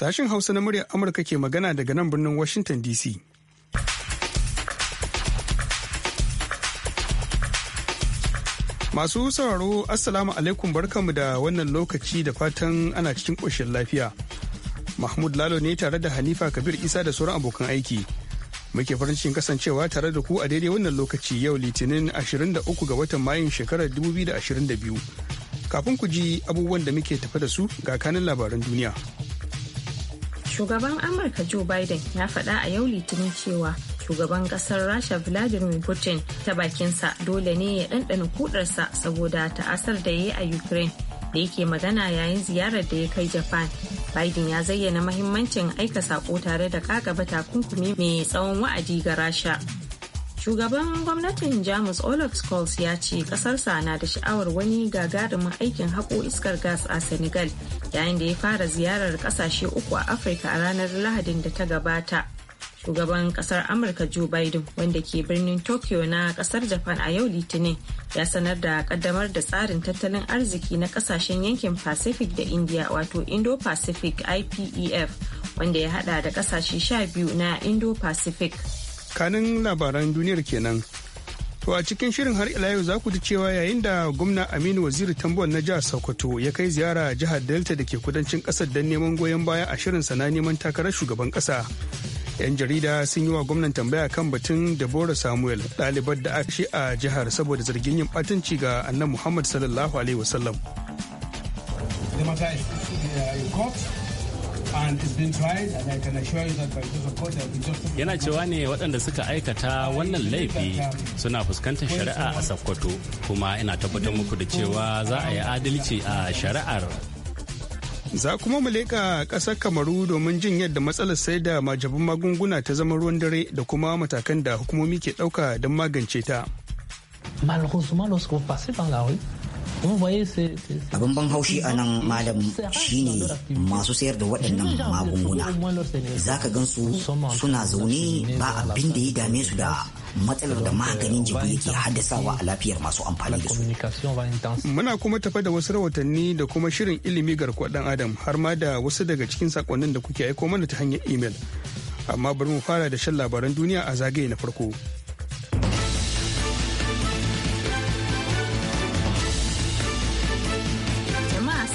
sashen Hausa na muryar Amurka ke magana daga nan birnin Washington DC. Masu sauraro Assalamu alaikum barkamu da wannan lokaci da fatan ana cikin ƙoshin lafiya. Mahmud Lalo ne tare da Hanifa Kabir Isa da sauran abokan aiki. Muke farin cikin kasancewa tare da ku a daidai wannan lokaci yau Litinin 23 ga watan Mayun shekarar 2022. Kafin ku ji abubuwan da muke tafa da su ga kanin labaran duniya. shugaban amurka joe biden ya faɗa a yau litinin cewa shugaban ƙasar rasha vladimir putin ta bakinsa dole ne ya ɗanɗana kudarsa saboda ta'asar da ya yi a ukraine da yake magana yayin ziyarar da ya kai japan biden ya zayyana mahimmancin aika sako tare da kakaba takunkumi mai tsawon wa'adi ga rasha Shugaban gwamnatin Jamus Olaf Scholz ya ce kasarsa na da sha'awar wani gagarumin aikin haƙo iskar gas a Senegal yayin da ya fara ziyarar kasashe uku a Afirka a ranar Lahadin da ta gabata. Shugaban kasar Amurka Joe Biden wanda ke birnin Tokyo na kasar Japan a yau Litinin ya sanar da kaddamar da tsarin tattalin arziki na kasashen yankin Pacific da India wato Indo-Pacific IPEF wanda ya hada da kasashe sha biyu na Indo-Pacific. kanin labaran duniyar kenan to a cikin shirin har ila yau za ku ji cewa yayin da gwamna aminu waziri Tambon na jihar sokoto ya kai ziyara jihar delta da ke kudancin kasar don neman goyon baya a shirin sa na neman takarar shugaban kasa 'yan jarida sun yi wa gwamnan tambaya kan batun Deborah Samuel ɗalibar da ashe a jihar saboda zargin yin ɓatanci ga annan Muhammad sallallahu alaihi wasallam. Yana cewa ne waɗanda suka aikata wannan laifi suna fuskantar shari'a a Sokoto kuma ina tabbatar muku da cewa za a yi adalci a shari'ar. Za kuma mu leƙa ƙasar Kamaru domin jin yadda matsalar sai da majabin magunguna ta zama ruwan dare da kuma matakan da hukumomi ke ɗauka don magance ta. abin ban haushi a nan malam shine masu sayar da waɗannan magunguna za ka gansu suna zaune ba abin da ya dame su da matsalar da maganin jibu yake haddasawa a lafiyar masu amfani da su. Muna kuma tafa da wasu rawatanni da kuma shirin ilimi garkuwar dan adam har ma da wasu daga cikin saƙonnin da kuke aiko mana ta hanyar imel. Amma bari mu fara da shan labaran duniya a zagaye na farko.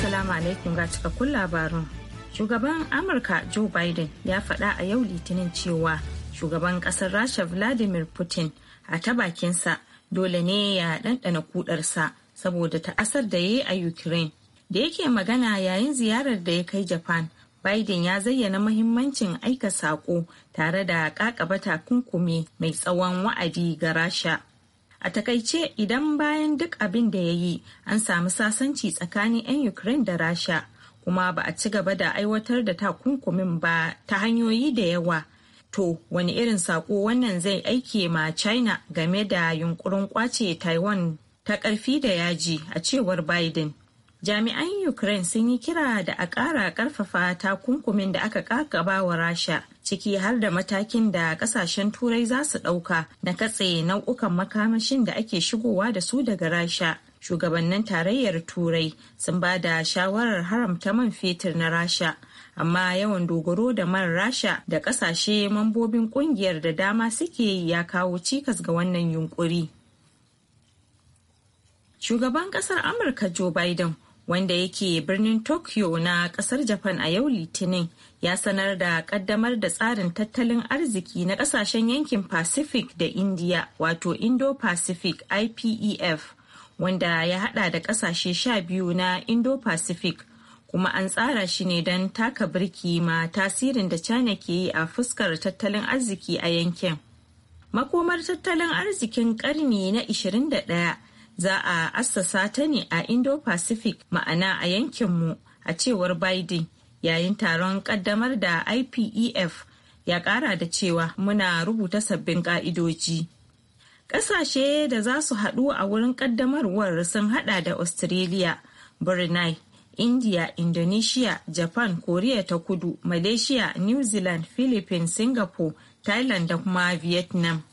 Assalamu alaikum ga cikakkun labarun. Shugaban Amurka Joe Biden ya faɗa a yau litinin cewa shugaban ƙasar Rasha Vladimir Putin a ta bakinsa dole ne ya ɗanɗana kudarsa saboda ta'asar da ya yi a Ukraine. Da yake magana yayin ziyarar da ya kai Japan, Biden ya zayyana mahimmancin aika saƙo tare da ƙaƙaba takunkumi mai tsawon wa'adi ga Rasha. a takaice idan bayan duk abin da ya yi an samu sasanci tsakanin 'yan ukraine da rasha kuma ba a ci gaba da aiwatar da takunkumin ba ta hanyoyi da yawa to wani irin saƙo wannan zai aike ma china game da yunkurin ƙwace taiwan ta ƙarfi da yaji a cewar biden jami'an ukraine sun yi kira da a ƙara ƙarfafa takunkumin da aka kakaba wa rasha ciki har da matakin da kasashen turai za su ɗauka na katse nau'ukan makamashin da ake shigowa da su daga rasha shugabannin tarayyar turai sun ba da shawarar haramta man fetur na rasha amma yawan dogaro da man rasha da kasashe mambobin kungiyar da dama suke ya kawo cikas ga wannan yunkuri shugaban kasar amurka joe biden wanda yake birnin tokyo na kasar japan a yau litinin ya sanar da kaddamar da tsarin tattalin arziki na kasashen yankin pacific da india wato indo-pacific ipef wanda ya hada da kasashe sha biyu na indo-pacific kuma an tsara shi ne don taka birki ma tasirin da china ke yi a fuskar tattalin arziki a yankin makomar tattalin arzikin karni na 21 za a assasa ta ne a indo-pacific ma'ana a yankinmu a cewar biden yayin taron kaddamar da ipef ya kara da cewa muna rubuta sabbin ka'idoji ƙasashe da za su haɗu a wurin ƙaddamarwar sun haɗa da australia brunei india indonesia japan korea ta kudu malaysia new zealand philippines singapore thailand da kuma vietnam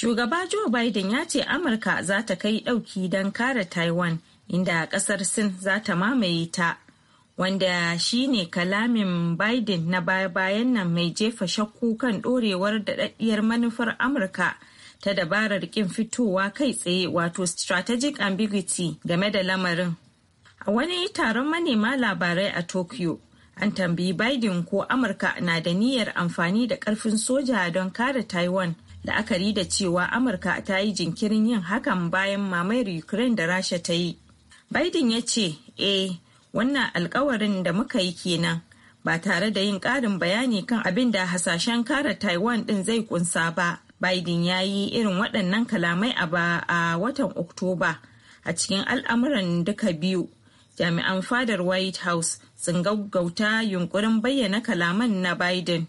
Shugaba Joe Biden ya ce Amurka za ta kai ɗauki don kare Taiwan inda ƙasar Sin za ta mamaye ta, wanda shi ne kalamin Biden na baya-bayan nan mai jefa shakku kan ɗorewar daɗaɗɗiyar manufar Amurka ta dabarar ƙin fitowa kai tsaye wato strategic ambiguity game da lamarin. A wani taron manema labarai a Tokyo, an tambayi Biden ko Amurka na da niyyar amfani da ƙarfin soja don kare Taiwan. la'akari da cewa amurka ta yi jinkirin yin hakan bayan mamayar ukraine da rasha ta yi biden ya ce eh wannan alkawarin da muka yi kenan ba tare da yin ƙarin bayani kan abin da hasashen kare taiwan din zai kunsa ba biden ya yi irin waɗannan kalamai a ba a watan oktoba a cikin al'amuran duka biyu jami'an fadar white house sun gaggauta yunkurin bayyana kalaman na biden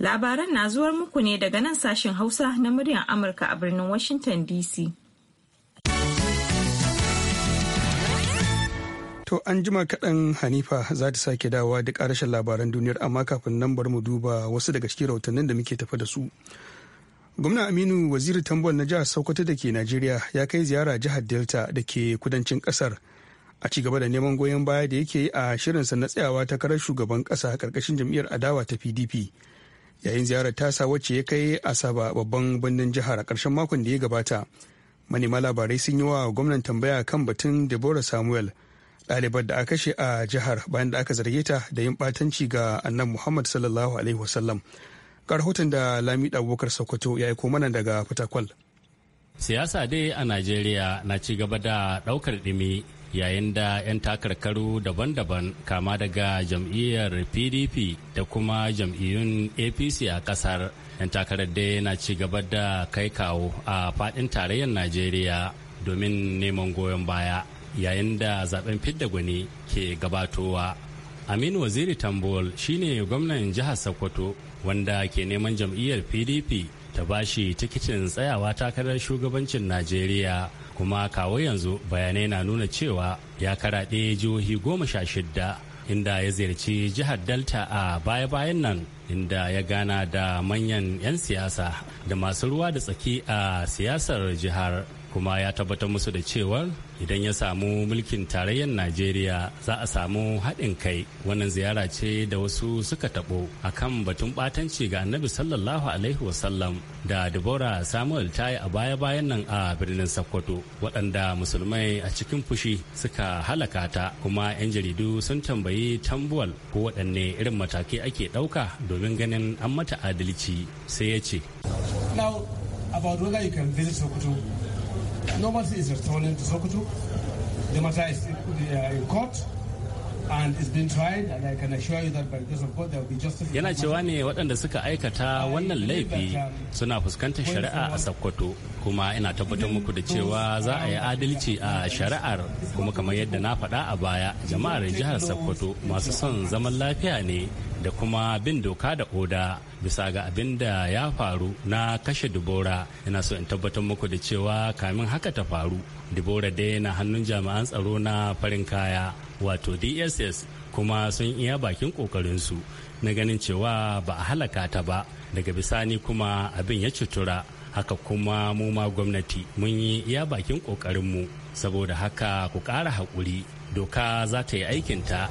Labaran na zuwar muku ne daga nan sashen Hausa na muryar Amurka a birnin Washington DC. To an jima kaɗan Hanifa za ta sake dawowa da ƙarashin labaran duniyar amma kafin nan bar mu duba wasu daga cikin rahotannin da muke tafa da su. Gwamna Aminu waziri tambon na jihar Sokoto da ke Najeriya ya kai ziyara jihar Delta da ke kudancin ƙasar. a ci gaba da neman goyon baya da yake yi a shirinsa na tsayawa ta takarar shugaban ƙasa ƙarƙashin jam'iyyar adawa ta pdp yayin ziyarar tasa wacce ya kai asaba babban birnin jihar a ƙarshen makon da ya gabata manema labarai sun yi wa gwamnan tambaya kan batun deborah samuel ɗalibar da aka kashe a jihar bayan da aka zarge ta da yin batanci ga annan muhammad sallallahu alaihi wasallam ga rahoton da lami abubakar sokoto ya aiko mana daga fitakwal siyasa dai a najeriya na ci gaba da ɗaukar ɗimi yayin da 'yan takarkaru daban-daban kama daga jam'iyyar pdp da kuma jam'iyyun apc a kasar 'yan takarar dai na ci gaba da kai kawo a fadin tarayyar najeriya domin neman goyon baya yayin da zaben fidda gwani ke gabatowa aminu waziri tambol shine gwamnan jihar sokoto wanda ke neman jam'iyyar pdp ta bashi tikitin tsayawa takarar shugabancin najeriya kuma kawo yanzu bayanai na nuna cewa ya karaɗe jihohi goma sha shidda inda ya ziyarci jihar delta a baya-bayan nan inda ya gana da manyan 'yan siyasa da masu ruwa da tsaki a siyasar jihar kuma ya tabbatar musu da cewar idan ya samu mulkin tarayyar najeriya za a samu haɗin kai wannan ziyara ce da wasu suka taɓo a kan batun ɓatanci ga annabi sallallahu alaihi wasallam da dibora samuel ta yi a baya-bayan nan a birnin sokoto waɗanda musulmai a cikin fushi suka halaka ta kuma 'yan jaridu sun tambayi tambuwal ko waɗanne irin matakai ake ɗauka domin ganin an mata adalci sai ya ce about whether you can visit Sokoto, Nobody is returning to Sokoto. The matter is in court. Yana cewa ne waɗanda suka aikata wannan laifi um, suna fuskantar shari'a a Sokoto kuma ina tabbatar muku da cewa za a yi adalci a shari'ar kuma kamar yadda na faɗa a baya jama'ar jihar Sokoto masu son zaman lafiya ne da kuma bin doka da oda bisa ga abin da ya faru na kashe dubora ina so in tabbatar muku da cewa kamin haka ta faru dubora dai na hannun jami'an tsaro na farin kaya wato dss kuma sun iya bakin kokarinsu na ganin cewa ba a halaka ta ba daga bisani kuma abin ya cutura haka kuma mu ma gwamnati mun yi iya bakin kokarinmu saboda haka ku ƙara haƙuri doka za ta yi aikinta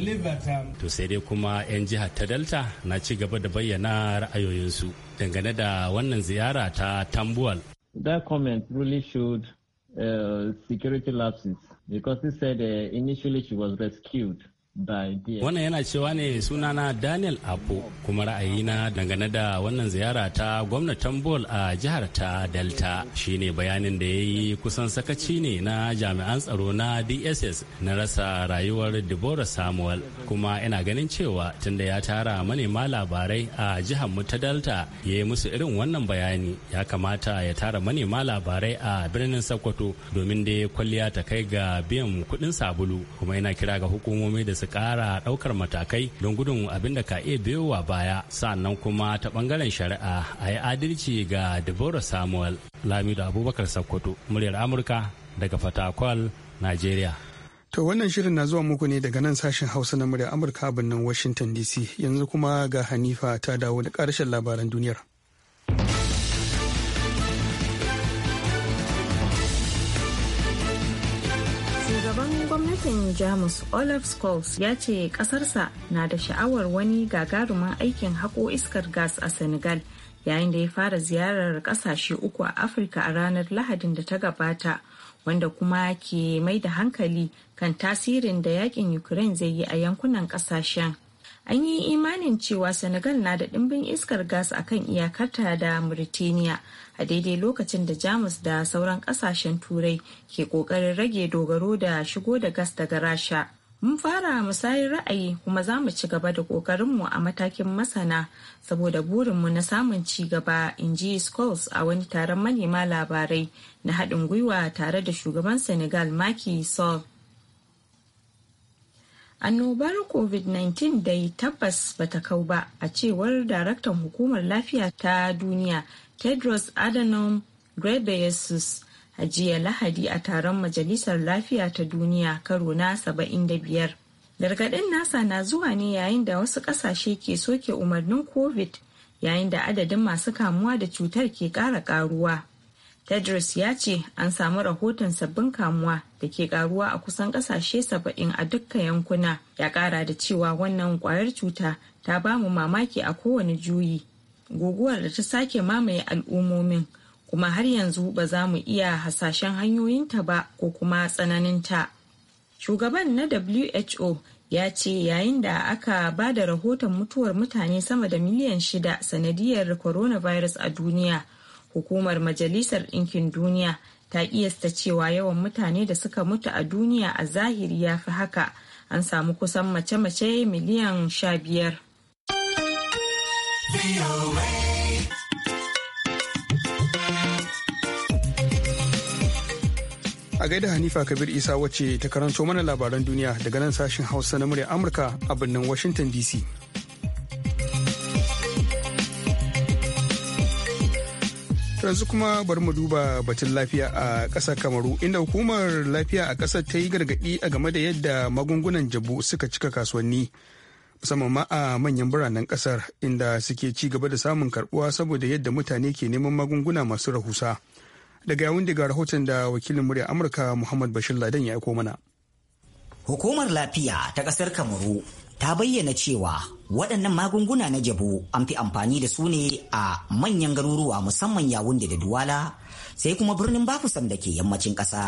um, To sai dai kuma 'yan jihar ta Delta na ci gaba da bayyana ra'ayoyinsu dangane da wannan ziyara ta Tambuwal. that comment really showed uh, security lapses because he said uh, initially she was rescued Wannan yana cewa ne sunana Daniel Apo kuma ra'ayina dangane da wannan ziyara ta gwamnatin Bol a jihar ta Delta shine bayanin da ya yi kusan sakaci ne na jami'an tsaro na DSS na rasa rayuwar Deborah Samuel kuma ina ganin cewa tunda ya tara manema labarai a jihar mu ta Delta ya yi musu irin wannan bayani ya kamata ya tara manema labarai a birnin Sokoto domin da kwalliya ta kai ga biyan kuɗin sabulu kuma yana kira ga hukumomi da su kara daukar matakai don gudun abin da ka iya biyowa baya sannan kuma ta bangaren shari'a a yi adalci ga deborah samuel lamido abubakar sakkwato muryar amurka daga fatakwal nigeria to wannan shirin na zuwa muku ne daga nan sashen hausa na muryar amurka a birnin washington dc yanzu kuma ga hanifa ta dawo da karshen labaran duniyar yankin Jamus Olaf Scholz ya ce ƙasarsa na da sha'awar wani gagarumin aikin haƙo iskar gas a Senegal yayin da ya fara ziyarar ƙasashe uku a Afirka a ranar Lahadin da ta gabata wanda kuma ke mai da hankali kan tasirin da yakin Ukraine zai yi a yankunan ƙasashen. an yi imanin cewa senegal na da ɗimbin iskar gas a kan iyakarta da mauritania a daidai lokacin da jamus da sauran ƙasashen turai ke ƙoƙarin rage dogaro da shigo da gas daga rasha mun fara musayar ra'ayi kuma za mu ci gaba da ƙoƙarinmu a matakin masana saboda burinmu na samun ci gaba in ji scholes a wani taron manema labarai na haɗin gwiwa tare da shugaban senegal maki sol annobar covid-19 dai tabbas bata kau ba a cewar daraktan hukumar lafiya ta duniya tedros adhanom ghebreyesus a jiya lahadi a taron majalisar lafiya ta duniya karo na 75 gargadin nasa na zuwa ne yayin da wasu kasashe ke soke umarnin covid yayin da adadin masu kamuwa da cutar ke kara karuwa. tedros ya ce an samu rahoton sabbin kamuwa da ke karuwa a kusan kasashe saba'in a dukka yankuna ya kara da cewa wannan kwayar cuta ta ba mu mamaki a kowane juyi guguwar da ta sake mamaye al'ummomin kuma har yanzu ba za mu iya hasashen hanyoyinta ba ko kuma tsananinta shugaban na who ya ce yayin da aka ba da rahoton mutuwar mutane sama da miliyan shida sanadiyar coronavirus a duniya hukumar majalisar ɗinkin duniya ta kiyasta cewa yawan mutane da suka mutu a duniya a zahiri ya fi haka an samu kusan mace-mace miliyan sha biyar. a gaida hanifa kabir isa wacce ta karanto mana labaran duniya daga nan sashen hausa na murya amurka a birnin washington dc yanzu kuma bari mu duba batun lafiya a ƙasar kamaru inda hukumar lafiya a ƙasar ta yi gargaɗi a game da yadda magungunan jabu suka cika kasuwanni musamman ma a manyan biranen ƙasar inda suke ci gaba da samun karɓuwa saboda yadda mutane ke neman magunguna masu rahusa daga yawun daga rahoton da wakilin murya amurka muhammad bashir ladan ya aiko mana hukumar lafiya ta ƙasar kamaru ta bayyana cewa waɗannan magunguna na jabo an fi amfani da su ne a manyan garuruwa musamman yawunde da duwala sai kuma birnin bafusam da ke yammacin ƙasa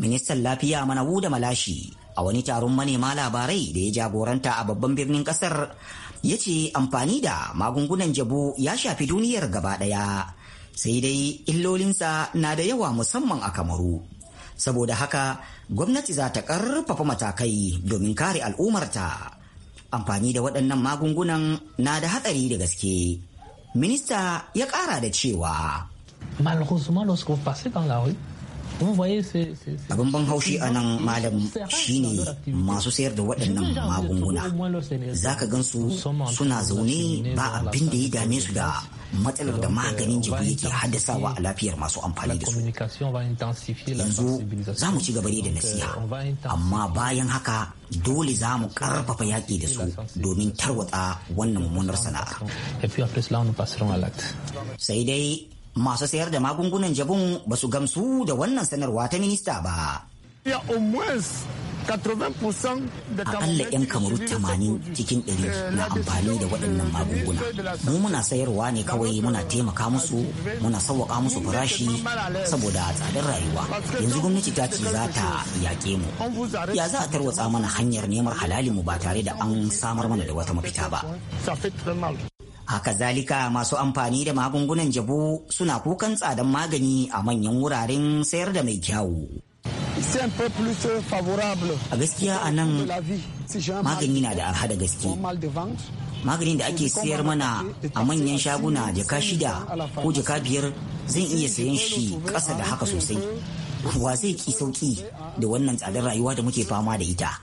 ministan lafiya manawu da malashi a wani taron manema labarai da ya jagoranta a babban birnin ƙasar ya ce amfani da magungunan jabo ya shafi duniyar gaba ɗaya sai dai illolinsa na da yawa musamman a kamaru saboda haka gwamnati za ta ƙarfafa matakai domin kare al'ummarta amfani da waɗannan magungunan na da hatsari da gaske minista ya ƙara da cewa Malhus malhus ko fasikan lawai. abin ban haushi a nan malam shine masu sayar da waɗannan magunguna za ka gansu suna zaune ba abin da ya dame su da matsalar da maganin jiki yake haddasawa a lafiyar masu amfani da su yanzu za mu ci gaba da nasiha amma bayan haka dole za mu karfafa yaƙi da su domin tarwata wannan mummunar sana'ar sai dai Masu sayar da magungunan jabun ba su gamsu da wannan sanarwa ta minista ba. A ƙalla 'yan kamaru 80 cikin 100 eh, na amfani da waɗannan magunguna. Mu muna sayarwa ne kawai muna taimaka musu, muna sauwaƙa musu farashi saboda tsadar rayuwa. Yanzu gwamnati ta ce za ta yaƙe mu. Ya za a tarwatsa mana hanyar neman halalinmu ba tare da an samar mana da wata mafita ba. Haka zalika masu amfani da magungunan jabo suna kukan tsadan magani a manyan wuraren sayar da mai kyawu. A gaskiya a nan magani na da arha da gaske. Maganin da ake sayar mana a manyan shaguna jaka shida ko jaka biyar zan iya sayan shi ƙasa da haka sosai. Wa zai ki sauki da wannan tsadar rayuwa da muke fama da ita.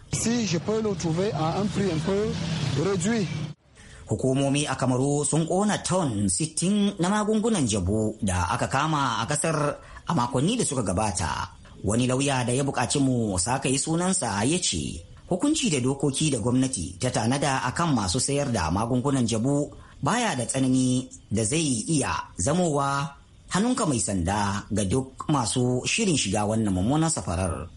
Hukumomi a Kamaru sun ƙona ton 60 na magungunan jabu da aka kama a ƙasar a makonni da suka gabata. Wani lauya da ya buƙaci mu saka yi sunansa ya ce, hukunci da dokoki da gwamnati ta tanada a kan masu sayar da magungunan jabu baya da tsanani da zai iya zamowa hannunka mai sanda ga duk masu shirin shiga wannan mummunan safarar.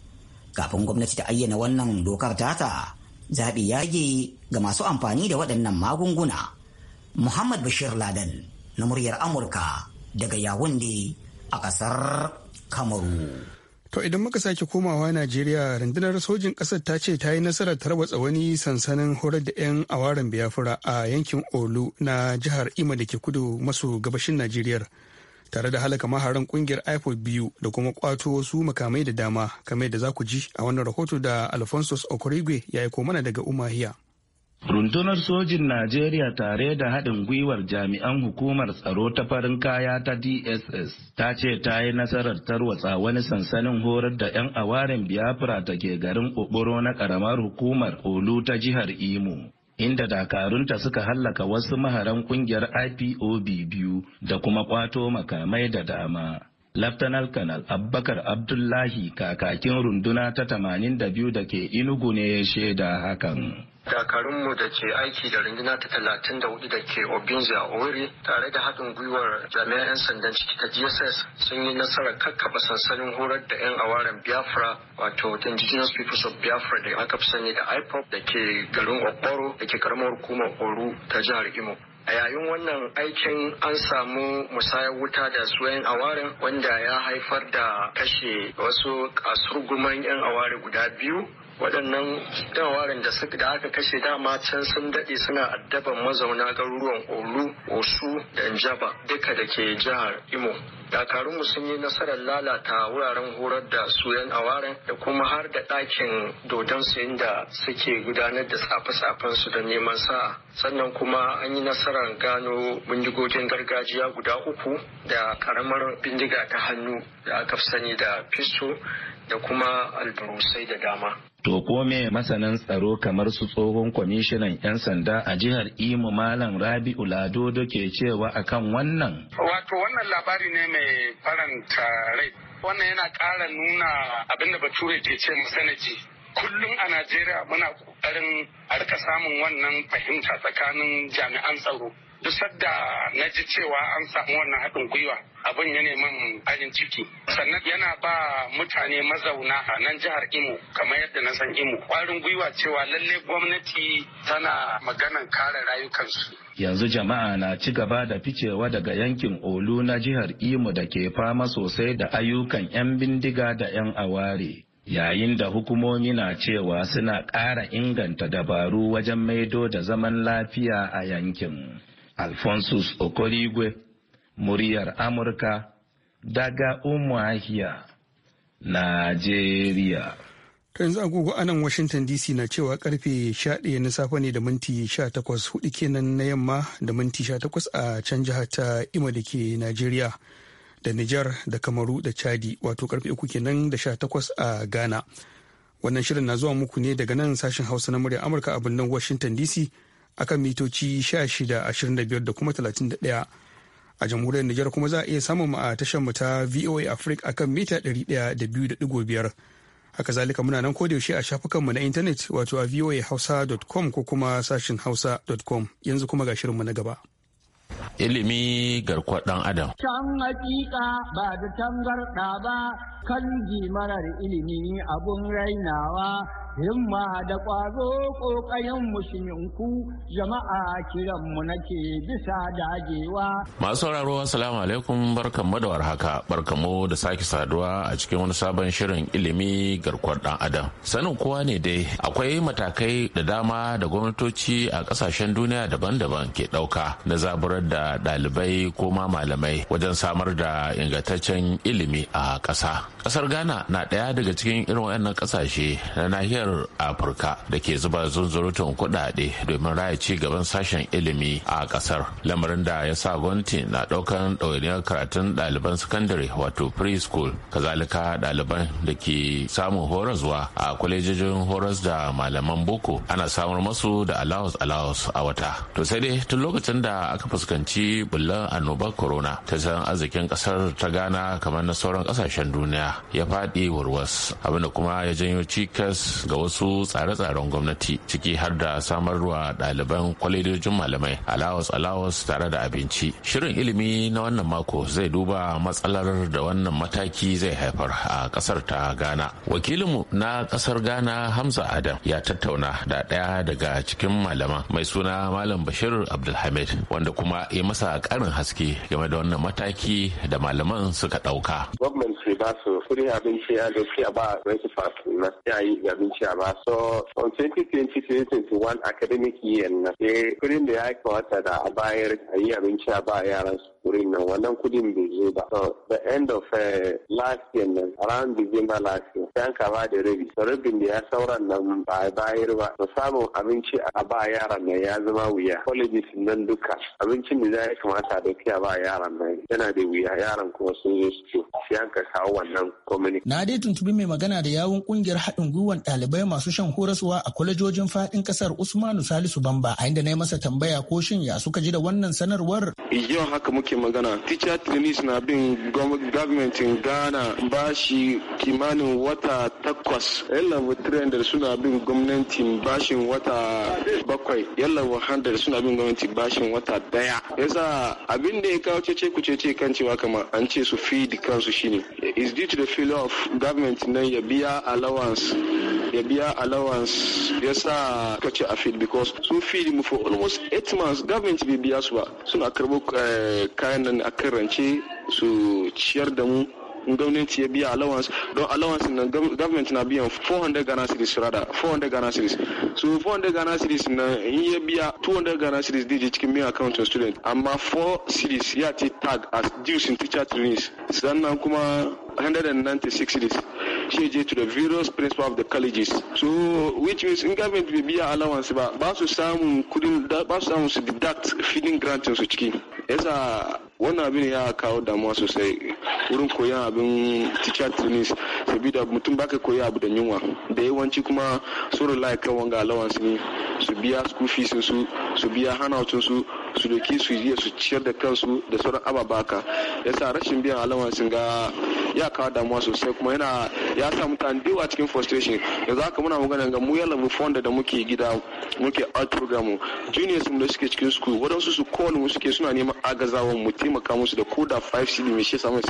Kafin gwamnati ta ayyana wannan dokar tata, zaɓi yage ga masu amfani da waɗannan magunguna. Muhammad Bashir Laden na muryar Amurka daga Yawunde a ƙasar Kamaru. To idan muka sake komawa Najeriya rundunar sojin ƙasar ta ce ta yi nasarar tarwatsa wani sansanin horar da 'yan awaren biyafura a yankin Olu na jihar Ima da ke kudu maso gabashin Najeriya. tare da halaka maharan kungiyar iPod biyu da kuma kwato wasu makamai da dama kamar da za ku ji a wannan rahoto da Alphonsus Okorigwe ya aiko mana daga Umahiya. Rundunar sojin Najeriya tare da haɗin gwiwar jami'an hukumar tsaro ta farin kaya ta DSS ta ce ta yi nasarar tarwatsa wani sansanin horar da 'yan awarin Biafra ta ke garin Oboro na ƙaramar hukumar Olu ta jihar Imo. inda dakarunta suka hallaka wasu maharan kungiyar ipob biyu da kuma kwato makamai da dama Laftanar Kanal Abubakar Abdullahi kakakin runduna ta 82 da ke Inugu ne ya shaida hakan. dakarunmu da ke aiki da runduna ta talatin da hudu da ke obinze a ori tare da haɗin gwiwar jami'an 'yan sandan ciki ta GSS sun yi nasarar kakkaba sansanin horar da 'yan awaren biafra wato indigenous peoples of biafra da aka fi sani da ipop da ke garin okoro da ke karamar hukumar oru ta jihar imo a yayin wannan aikin an samu musayar wuta da su yan awarin wanda ya haifar da kashe wasu kasurguman yan awari guda biyu waɗannan dawarin da da aka kashe dama can sun daɗe suna addaban mazauna garuruwan olu osu da njaba duka da ke jihar imo dakarunmu sun yi nasarar lalata wuraren horar da su yan awaren da kuma har da ɗakin dodon su inda suke gudanar da tsafe-tsafen su da neman sa'a sannan kuma an yi nasarar gano bindigogin gargajiya guda uku da karamar bindiga ta hannu da aka sani da fisto da kuma alburusai da dama. To ko masanan tsaro kamar su tsohon kwamishinan 'yan sanda a jihar Imo Malam Rabi'u Lado ke cewa akan wannan? Wato wannan labari ne mai faranta rai. Wannan yana ƙara nuna abinda bature ke ce masanaji. Kullum a Najeriya muna ƙoƙarin a samun wannan fahimta tsakanin jami'an tsaro. duk da na ji cewa an samu wannan haɗin gwiwa abin ya neman farin ciki sannan yana ba mutane mazauna a nan jihar imo kamar yadda na san imo ƙwarin gwiwa cewa lalle gwamnati tana maganan kare rayukansu yanzu jama'a na ci gaba da ficewa daga yankin olu na jihar imo da ke fama sosai da ayyukan 'yan bindiga da 'yan aware yayin da hukumomi na cewa suna ƙara inganta dabaru wajen maido da zaman lafiya a yankin Alphonsus Okorigwe, muryar Amurka daga Umuahia, Najeriya. Ta yanzu agogo anan Washington DC na cewa karfe 11 na safe ne da minti 18 hudu kenan na yamma da minti 18 a can jihar ta Ima da ke Najeriya da Nijar da Kamaru da Chadi wato karfe 3 kenan da 18 a Ghana. Wannan shirin na zuwa muku ne daga nan sashen Hausa na murya Amurka a birnin Washington DC. akan mitoci 1625 da kuma 31 a jamhuriyar Nijar kuma za a iya samun mu a tashar mu ta VOA Africa akan mita 102.5 haka zalika muna nan kodayaushe a shafukan mu na intanet wato a voahausa.com ko kuma sashin hausa.com yanzu kuma ga shirinmu na gaba. ilimi garkuwar ɗan adam. Can hakika ba da tangarɗa ba kan marar ilimi abun rainawa himma da ƙwazo ƙoƙayen musulminku jama'a kiran mu nake bisa dagewa. Masu sauraro assalamu alaikum barkan da warhaka barkamu da sake saduwa a cikin wani sabon shirin ilimi garkuwar dan adam. Sanin kowa ne dai akwai matakai da dama da gwamnatoci a ƙasashen duniya daban-daban ke ɗauka na zaburar da ɗalibai ko ma malamai wajen samar da ingantaccen ilimi a ƙasa. Ƙasar Ghana na ɗaya daga cikin irin waɗannan ƙasashe na nahiyar nahiyar afirka da ke zuba zunzurutun kuɗaɗe domin raya ci gaban sashen ilimi a ƙasar lamarin da ya sa gwamnati na ɗaukar ɗawainiyar karatun ɗaliban sakandare wato preschool kazalika ɗaliban da ke samun horaswa a kwalejojin horas da malaman boko ana samar masu da allowance allowance a wata to sai dai tun lokacin da aka fuskanci bullan annobar corona ta arzikin kasar ta gana kamar na sauran kasashen duniya ya faɗi warwas abinda kuma ya janyo cikas ga wasu tsare-tsaren gwamnati ciki har da samarwa ɗaliban kwalejojin malamai alawas tare da abinci shirin ilimi na wannan mako zai duba matsalar da wannan mataki zai haifar a ƙasar ta ghana wakilinmu na ƙasar ghana hamza adam ya tattauna da ɗaya daga cikin malama mai suna malam bashir abdulhamid wanda kuma ya masa ƙarin haske game da wannan mataki da malaman suka ɗauka. Gwamnati ba su abinci a ba su na yayi abinci sha ba. So from 2020-2021 academic year na sai eh, kudin da ya kamata da a bayar a yi abinci a ba yaran su wurin nan wannan kudin bai zo ba. So the end of uh, last year nan around December last year sai an ba da rabi. So rabin da ya sauran nan ba a bayar ba. So samun abinci a ba yaran nan ya zama wuya. Colleges nan duka abincin da za a yi kamata a dauki a ba yaran nan yana da wuya yaran kuma sun zo su ci. Sai ka kawo wannan community. Na dai tuntubi mai magana da yawun kungiyar haɗin gwiwan ɗalibai masu shan horaswa a kwalejojin faɗin ƙasar Usmanu Salisu Bamba a inda na yi masa tambaya ko shin ya suka ji da wannan sanarwar. Eh, Yau haka muke ake magana teacher trainees na bin government in ghana ba shi kimanin wata takwas yan level 300 suna bin gwamnati bashin wata bakwai yan level 100 suna bin gwamnati bashin wata daya yasa abin da ya kawo cece ku cece kan cewa kama an ce su fi di kansu shine is due to the failure of government nan ya biya allowance ya biya allowance ya sa ka ce a field because sun feed mu for almost eight months government bai biya su ba suna karbo eh, kayan nan a kan rance su ciyar da mu gwamnati ya biya allowance don allowance na government na biyan 400 Ghana cedis rada 400 Ghana cedis so 400 Ghana cedis na in ya biya 200 Ghana cedis dai cikin main account of student amma 4 cedis ya ce tag as dues in teacher trainings sannan kuma 196 days she je to the various principal of the colleges so which means in government bai biya allowance ba ba su samun kudin ba su samun deduct feeding grant su uh, ciki yasa wannan abin ya kawo damuwa sosai wurin koyan abin teacher trainings saboda mutum baka koya abu da yunwa da yawanci kuma su rely kan wanga allowance ne su biya school fees su su biya hanautin su su doki su yi su ciyar da kansu da sauran ababaka yasa rashin biyan allowance ga ya kawo damuwa sosai kuma yana ya sa mutane da yawa cikin frustration yanzu haka muna magana ga mu yalla mu fonda da muke gida muke art program juniors mu da suke cikin school wadansu su call mu suke suna neman agazawa mu taimaka musu da koda 5 cd mai shi samu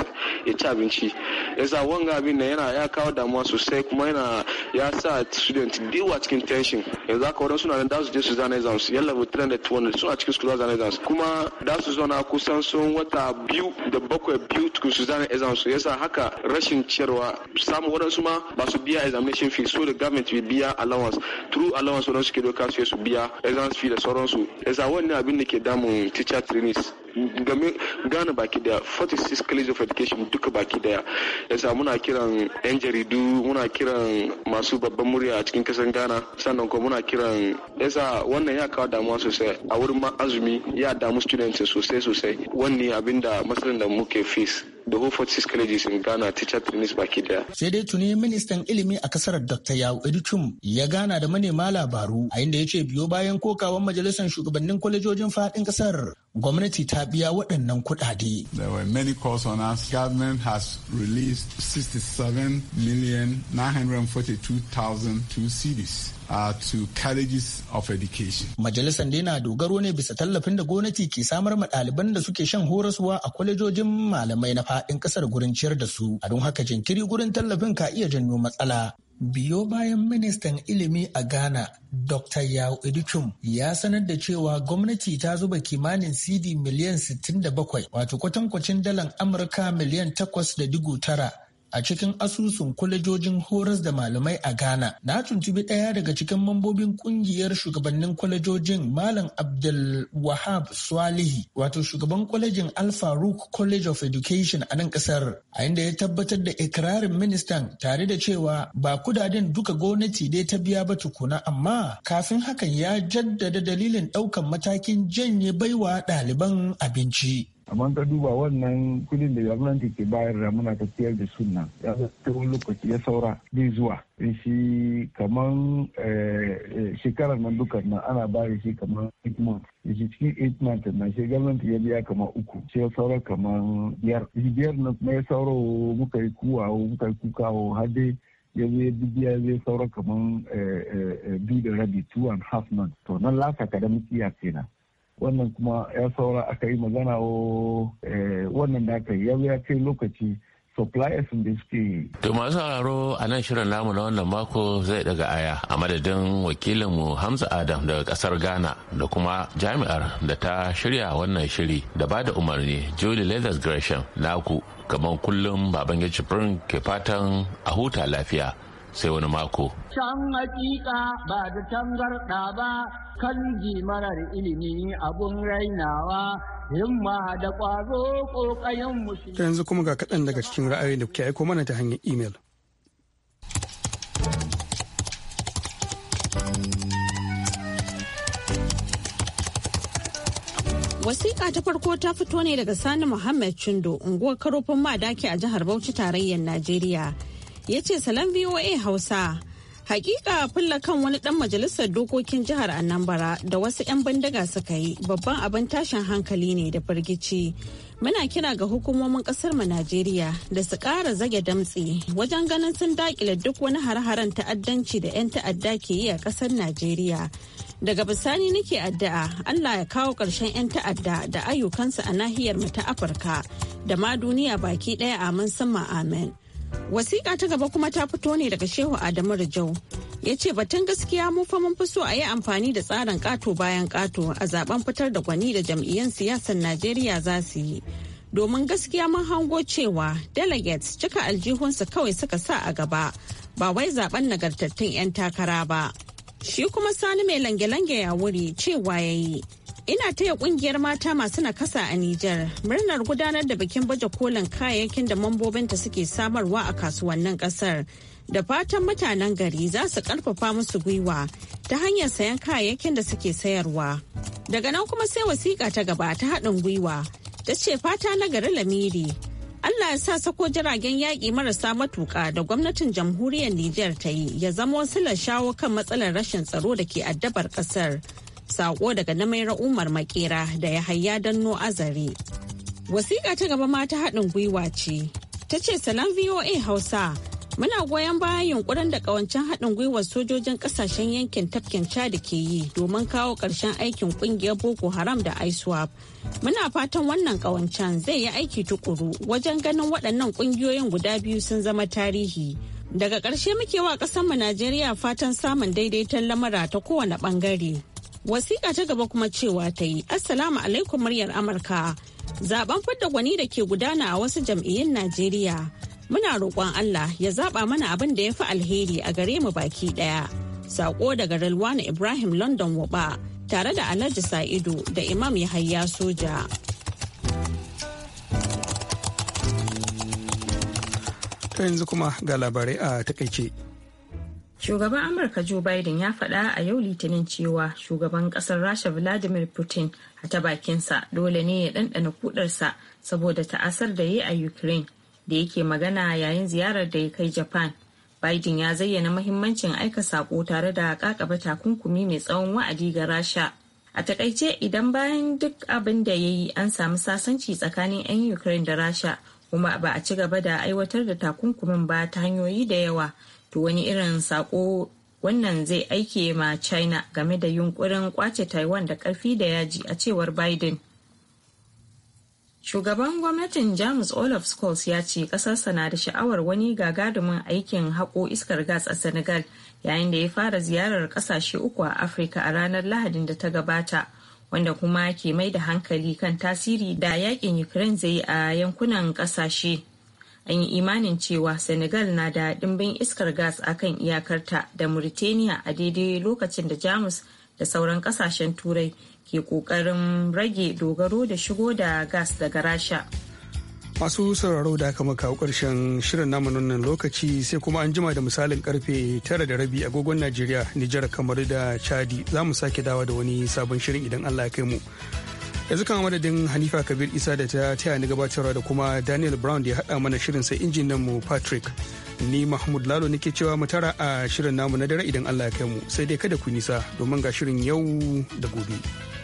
ya ci abinci yasa wanga abin nan yana ya kawo damuwa sosai kuma yana ya sa student da yawa cikin tension yanzu haka wadansu na da su je su zana exams yalla mu 300 suna cikin school zana exams kuma da su na kusan sun wata biyu da bakwai biyu tukun su zana exams yasa haka rashin cewa samu wadansu ma ba su biya examination fee so the government will biya allowance through allowance waɗansu ke doka su biya exam fee da sauransu yasa wannan abin da ke damun teacher trainees game gane baki daya 46 college of education duka baki daya yasa muna kiran yan jaridu muna kiran masu babban murya a cikin kasan ghana sannan kuma muna kiran yasa wannan ya kawo damuwa sosai a wurin ma azumi ya damu students sosai sosai wannan abin da da muke fees da forty Six Colleges in Ghana teacher trainings baki daya. Sai dai tuni ministan ilimi a kasar Dr. Yau Edichum ya gana da manema labaru a inda ya ce biyo bayan kokawan majalisar shugabannin kwalejojin fadin kasar gwamnati ta biya waɗannan kuɗaɗe. There were many calls on us. Government has released 67 million 942,002 cedis. Uh, to colleges of education. Majalisar dai na dogaro ne bisa tallafin da gwamnati ke samar ma ɗaliban da suke shan horaswa a kwalejojin malamai na faɗin ƙasar gurin ciyar da su. A don haka jinkiri gurin tallafin ka iya janyo matsala. biyo bayan ministan ilimi a ghana dr yao idikum ya sanar da cewa gwamnati ta zuba kimanin cd miliyan 67 wato kwatankwacin dalan amurka miliyan 8.9 a cikin asusun kwalejojin horas da malamai a Ghana. Na tuntubi ɗaya daga cikin mambobin ƙungiyar shugabannin kwalejojin Malam Abdul Wahab Swalihi, wato shugaban kwalejin Al Farouk College of Education a nan ƙasar, a inda ya tabbatar da ikirarin ministan tare da cewa ba kudaden duka gwamnati dai ta biya ba tukuna amma kafin hakan ya jaddada dalilin ɗaukan matakin janye baiwa ɗaliban abinci. amma ka duba wannan kudin da gwamnati ke bayar da muna tafiyar da sunna ya zama lokaci ya saura bin zuwa shi kaman eh, eh, shekarar nan dukkan nan ana bayar shi kaman hikman shi cikin 8 months na shi gwamnati ya biya kama uku shi ya saura kaman biyar shi biyar na kuma ya saura muka yi kuwawo muka yi kuka har dai ya zai bibiya zai saura kaman eh, biyu da rabi two and half months to nan kada mu year kenan wannan kuma ya saura aka yi magana o eh, wannan da aka yi ya ce lokaci suppliers da suke yi To masu sauraro a nan shirin namu na wannan mako zai daga aya a madadin wakilinmu Hamza Adam daga kasar Ghana da kuma jami'ar da ta shirya wannan shiri da ba da umarni Julie Leathers Gresham naku kamar kullum baban ya ke fatan a huta lafiya. sai wani mako. Can hakika ba da tangarɗa ba kan marar ilimi abun rainawa himma da ƙwazo ƙoƙayen musulmi. yanzu kuma ga kaɗan daga cikin ra'ayi da kuke aiko mana ta hanyar imel. Wasiƙa ta farko ta fito ne daga Sani Muhammad Chindo, unguwar karofin madaki a jihar Bauchi tarayyar Najeriya. ya ce salon VOA Hausa. Hakika fulla kan wani dan majalisar dokokin jihar Anambra da wasu 'yan bindiga suka yi babban abin tashin hankali ne da firgici. Muna kira ga hukumomin kasar mu Najeriya da su ƙara zage damtsi wajen ganin sun dakile duk wani har-haren ta'addanci da 'yan ta'adda ke yi a kasar Najeriya. Daga bisani nake addu'a Allah ya kawo ƙarshen 'yan ta'adda da ayyukansu a nahiyar mu ta Afirka da ma duniya baki ɗaya amin sama amin. Wasiƙa ta gaba kuma ta fito ne daga Shehu Adamu Rijau. Ya ce batun gaskiya mu fa mun fi so a yi amfani da tsarin ƙato bayan ƙato a zaben fitar da gwani da jam'iyyan siyasar Najeriya za su yi. Domin gaskiya mun hango cewa delegates cika aljihunsu kawai suka sa a gaba ba wai zaben nagartattun 'yan takara ba. Shi kuma sani mai lange-lange ya wuri cewa ya yi. Ina taya kungiyar mata masu nakasa a Nijar murnar gudanar da bikin baje kolin kayayyakin da mambobinta suke samarwa a kasuwannin kasar. Da fatan mutanen gari za su karfafa musu gwiwa ta hanyar sayan kayayyakin da suke sayarwa. Daga nan kuma sai wasiƙa ta gaba ta haɗin gwiwa ta ce fata na gari lamiri. Allah ya sa sako jiragen yaƙi marasa matuƙa da gwamnatin jamhuriyar Nijar ta yi ya zama wasu shawo kan matsalar rashin tsaro da ke addabar ƙasar. Sako daga Namaira Umar Makera da ya hayya danno azare. Wasiƙa ta gaba mata haɗin gwiwa ce. Ta ce salam VOA Hausa. Muna goyon bayan yunkurin da ƙawancen haɗin gwiwar sojojin ƙasashen yankin tafkin Chad ke yi domin kawo ƙarshen aikin ƙungiyar Boko Haram da ISWAP. Muna fatan wannan ƙawancen zai yi aiki tuƙuru wajen ganin waɗannan ƙungiyoyin guda biyu sun zama tarihi. Daga ƙarshe muke wa ƙasarmu Najeriya fatan samun daidaiton lamura ta kowane ɓangare. Wasiƙa ta gaba kuma cewa ta yi, Assalamu alaikum muryar Amurka. Zaben fadda gwani da ke gudana a wasu jam'iyyun Najeriya. Muna roƙon Allah ya zaɓa mana abin da ya fi alheri a gare mu baki ɗaya. Saƙo daga Rilwana Ibrahim London wuɓa tare da Alhaji Sa'idu da Imam Yahaya Soja. Ta yanzu kuma ga labarai a takaice. Shugaban Amurka Joe Biden ya faɗa a yau Litinin cewa shugaban ƙasar Rasha Vladimir Putin a ta bakinsa dole ne ya ɗanɗana kudarsa saboda ta'asar da ya yi a Ukraine da yake magana yayin ziyarar da ya kai Japan. Biden ya zayyana mahimmancin aika saƙo tare da kakaba takunkumi mai tsawon wa'adi ga Rasha. A takaice idan bayan duk abin da ya yi an samu sasanci tsakanin 'yan Ukraine da Rasha kuma ba a ci gaba da aiwatar da takunkumin ba ta hanyoyi da yawa to wani irin sako wannan zai aike ma china game da yunkurin kwace taiwan da karfi da yaji a cewar biden shugaban gwamnatin jamus olaf scholz ya ce kasarsa na da sha'awar wani gagarumin aikin haƙo iskar gas a senegal yayin da ya fara ziyarar kasashe uku a afirka a ranar lahadin da ta gabata wanda kuma ke mai da hankali kan tasiri da yakin ukraine zai a yankunan kasashe an yi imanin cewa senegal na da dimbin iskar gas a kan iyakarta da mauritania a daidai lokacin da jamus da sauran kasashen turai ke kokarin rage dogaro da shigo da gas daga rasha masu sauraro da aka maka karshen shirin namu nan lokaci sai kuma an jima da misalin karfe tara da rabi agogon najeriya nijar kamar da chadi za mu sake dawa da wani sabon shirin idan allah ya kai mu yanzu kan madadin hanifa kabir isa da ta taya ni gabatarwa da kuma daniel brown da ya haɗa mana shirin sai injinan mu patrick ni mahmud lalo nake cewa mu tara a shirin namu na dare idan allah ya kai mu sai dai kada ku nisa domin ga shirin yau da gobe.